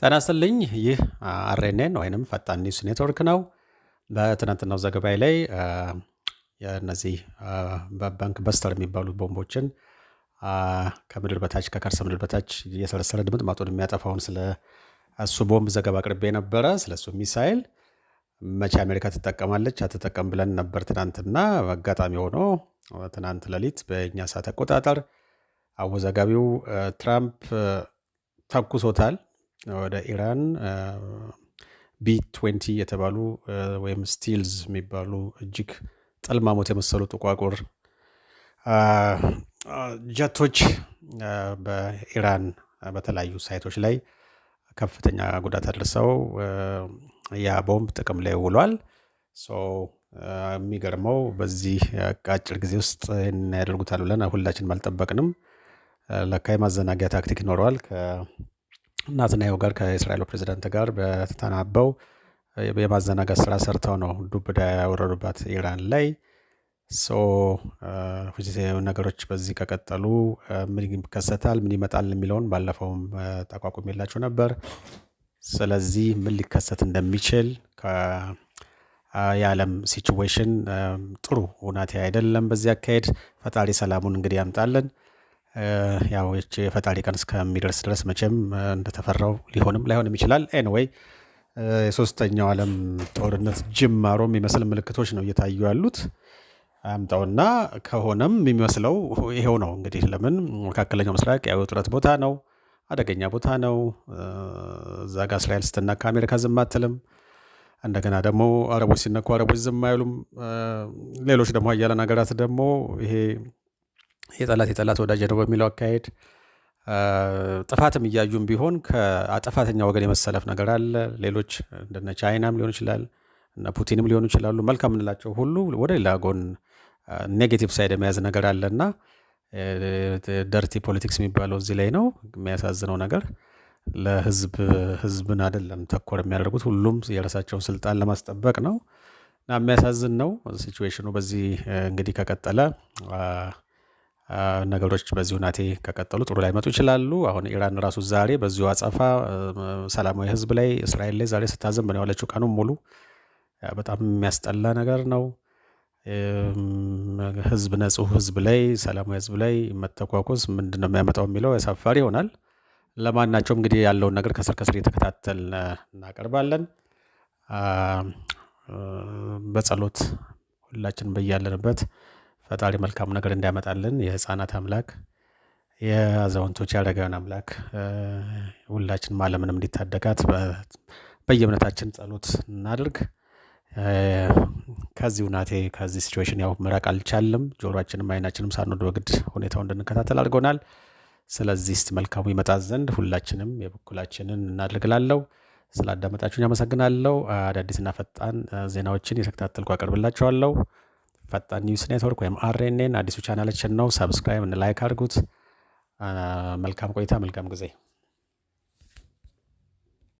ጤና ይስጥልኝ። ይህ አርኤንኤን ወይም ፈጣን ኒውስ ኔትወርክ ነው። በትናንትናው ዘገባ ላይ የእነዚህ በባንክ በስተር የሚባሉ ቦምቦችን ከምድር በታች ከከርሰ ምድር በታች እየሰለሰለ ድምጥ ማጡን የሚያጠፋውን ስለ እሱ ቦምብ ዘገባ አቅርቤ ነበረ። ስለ እሱ ሚሳይል መቼ አሜሪካ ትጠቀማለች አትጠቀም ብለን ነበር ትናንትና። አጋጣሚ ሆኖ ትናንት ሌሊት በእኛ ሰዓት አቆጣጠር አወዛጋቢው ትራምፕ ተኩሶታል። ወደ ኢራን ቢ ትዌንቲ የተባሉ ወይም ስቲልዝ የሚባሉ እጅግ ጠልማሞት የመሰሉ ጥቋቁር ጀቶች በኢራን በተለያዩ ሳይቶች ላይ ከፍተኛ ጉዳት አድርሰው ያ ቦምብ ጥቅም ላይ ውሏል። የሚገርመው በዚህ አጭር ጊዜ ውስጥ ያደርጉታል ብለን ሁላችንም አልጠበቅንም። ለካ የማዘናጊያ ታክቲክ ይኖረዋል። ናትናኤል ጋር ከእስራኤሉ ፕሬዚዳንት ጋር በተተናበው የማዘናጋት ስራ ሰርተው ነው ዱብ እዳ ያወረዱባት ኢራን ላይ። ነገሮች በዚህ ከቀጠሉ ምን ይከሰታል፣ ምን ይመጣል የሚለውን ባለፈውም ጠቋቁም የላቸው ነበር። ስለዚህ ምን ሊከሰት እንደሚችል የዓለም ሲችዌሽን ጥሩ ሁናቴ አይደለም። በዚህ አካሄድ ፈጣሪ ሰላሙን እንግዲህ ያምጣለን ያው ይቺ የፈጣሪ ቀን እስከሚደርስ ድረስ መቼም እንደተፈራው ሊሆንም ላይሆንም ይችላል። ኤንወይ የሶስተኛው ዓለም ጦርነት ጅማሮ የሚመስል ምልክቶች ነው እየታዩ ያሉት። አምጣውና ከሆነም የሚመስለው ይሄው ነው እንግዲህ። ለምን መካከለኛው ምስራቅ ያው የውጥረት ቦታ ነው፣ አደገኛ ቦታ ነው። እዛ ጋ እስራኤል ስትና ከአሜሪካ ዝም አትልም። እንደገና ደግሞ አረቦች ሲነኩ አረቦች ዝም አይሉም። ሌሎች ደግሞ አያለን ሀገራት ደግሞ ይሄ የጠላት የጠላት ወዳጅ ነው በሚለው አካሄድ ጥፋትም እያዩም ቢሆን ከጥፋተኛ ወገን የመሰለፍ ነገር አለ። ሌሎች እንደነ ቻይናም ሊሆን ይችላል እነ ፑቲንም ሊሆኑ ይችላሉ። መልካም የምንላቸው ሁሉ ወደ ሌላ ጎን ኔጌቲቭ ሳይድ የመያዝ ነገር አለ እና ደርቲ ፖለቲክስ የሚባለው እዚህ ላይ ነው የሚያሳዝነው ነገር ለህዝብ ህዝብን አይደለም ተኮር የሚያደርጉት ሁሉም የራሳቸውን ስልጣን ለማስጠበቅ ነው እና የሚያሳዝን ነው ሲቹዌሽኑ። በዚህ እንግዲህ ከቀጠለ ነገሮች በዚህ ሁናቴ ከቀጠሉ ጥሩ ላይመጡ ይችላሉ። አሁን ኢራን ራሱ ዛሬ በዚሁ አጸፋ ሰላማዊ ህዝብ ላይ እስራኤል ላይ ዛሬ ስታዘም ነው ያለችው ቀኑ ሙሉ። በጣም የሚያስጠላ ነገር ነው። ህዝብ ነጹህ ህዝብ ላይ ሰላማዊ ህዝብ ላይ መተኳኮስ ምንድን ነው የሚያመጣው የሚለው ያሳፋሪ ይሆናል። ለማናቸውም እንግዲህ ያለውን ነገር ከስር ከስር እየተከታተል እናቀርባለን። በጸሎት ሁላችን በያለንበት ፈጣሪ መልካም ነገር እንዲያመጣልን የህፃናት አምላክ የአዛውንቶች ያረጋውያን አምላክ ሁላችንም ዓለምንም እንዲታደጋት በየእምነታችን ጸሎት እናድርግ። ከዚህ ሁናቴ ከዚህ ሲትዌሽን ያው መራቅ አልቻልም። ጆሮችንም አይናችንም ሳንወድ በግድ ሁኔታው እንድንከታተል አድርጎናል። ስለዚህ ስ መልካሙ ይመጣ ዘንድ ሁላችንም የበኩላችንን እናድርግላለው። ስላዳመጣችሁኝ ያመሰግናለው። አዳዲስና ፈጣን ዜናዎችን የተከታተልኩ አቀርብላችኋለሁ። ፈጣን ኒውስ ኔትወርክ ወይም አርኤንኤን አዲሱ ቻናላችን ነው። ሰብስክራይብ፣ ላይክ አድርጉት። መልካም ቆይታ፣ መልካም ጊዜ